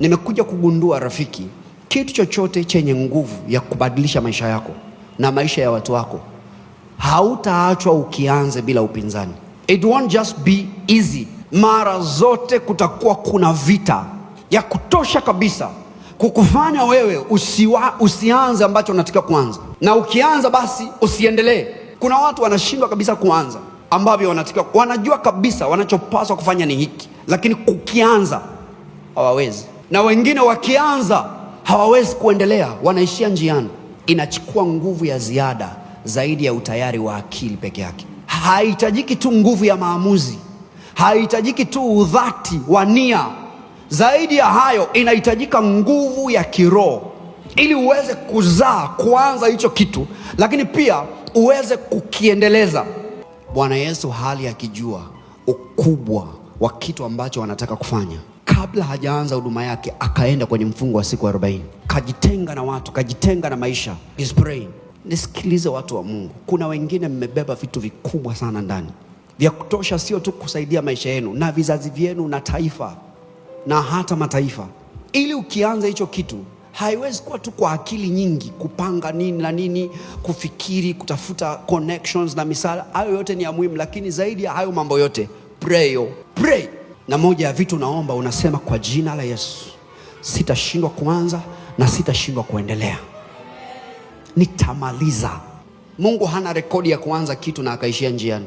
Nimekuja kugundua rafiki, kitu chochote chenye nguvu ya kubadilisha maisha yako na maisha ya watu wako hautaachwa ukianze bila upinzani. It won't just be easy. Mara zote kutakuwa kuna vita ya kutosha kabisa kukufanya wewe usiwa, usianze ambacho unatakiwa kuanza, na ukianza basi usiendelee. Kuna watu wanashindwa kabisa kuanza ambavyo wanatakiwa, wanajua kabisa wanachopaswa kufanya ni hiki, lakini kukianza hawawezi na wengine wakianza hawawezi kuendelea, wanaishia njiani. Inachukua nguvu ya ziada zaidi ya utayari wa akili peke yake. Haihitajiki tu nguvu ya maamuzi, haihitajiki tu udhati wa nia. Zaidi ya hayo, inahitajika nguvu ya kiroho ili uweze kuzaa, kuanza hicho kitu, lakini pia uweze kukiendeleza. Bwana Yesu hali akijua ukubwa wa kitu ambacho wanataka kufanya kabla hajaanza huduma yake akaenda kwenye mfungo wa siku 40, kajitenga na watu, kajitenga na maisha. Is praying. Nisikilize watu wa Mungu, kuna wengine mmebeba vitu vikubwa sana ndani vya kutosha, sio tu kusaidia maisha yenu na vizazi vyenu na taifa na hata mataifa. Ili ukianza hicho kitu haiwezi kuwa tu kwa akili nyingi kupanga nini na nini, kufikiri, kutafuta connections na misala. Hayo yote ni ya muhimu, lakini zaidi ya hayo mambo yote, prayo pray oh, na moja ya vitu unaomba unasema, kwa jina la Yesu sitashindwa kuanza na sitashindwa kuendelea, nitamaliza. Mungu hana rekodi ya kuanza kitu na akaishia njiani.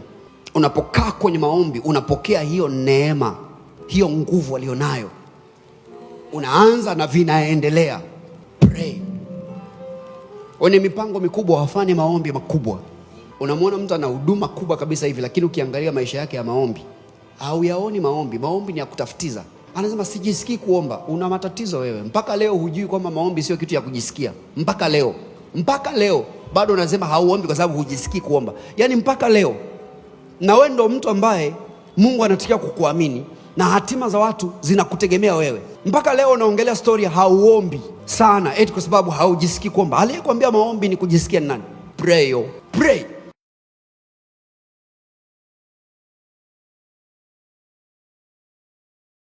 Unapokaa kwenye maombi, unapokea hiyo neema, hiyo nguvu alionayo unaanza na vinaendelea. Pray. Wenye mipango mikubwa wafanye maombi makubwa. Unamwona mtu ana huduma kubwa kabisa hivi, lakini ukiangalia maisha yake ya maombi hauyaoni maombi. Maombi ni ya kutafutiza. Anasema sijisikii kuomba. Una matatizo wewe, mpaka leo hujui kwamba maombi sio kitu ya kujisikia. Mpaka leo, mpaka leo bado unasema hauombi kwa sababu hujisikii kuomba. Yaani mpaka leo, na wewe ndo mtu ambaye Mungu anatakiwa kukuamini na hatima za watu zinakutegemea wewe. Mpaka leo unaongelea stori hauombi sana, eti kwa sababu haujisikii kuomba. Aliyekwambia maombi ni kujisikia ni nani? Pray, pray.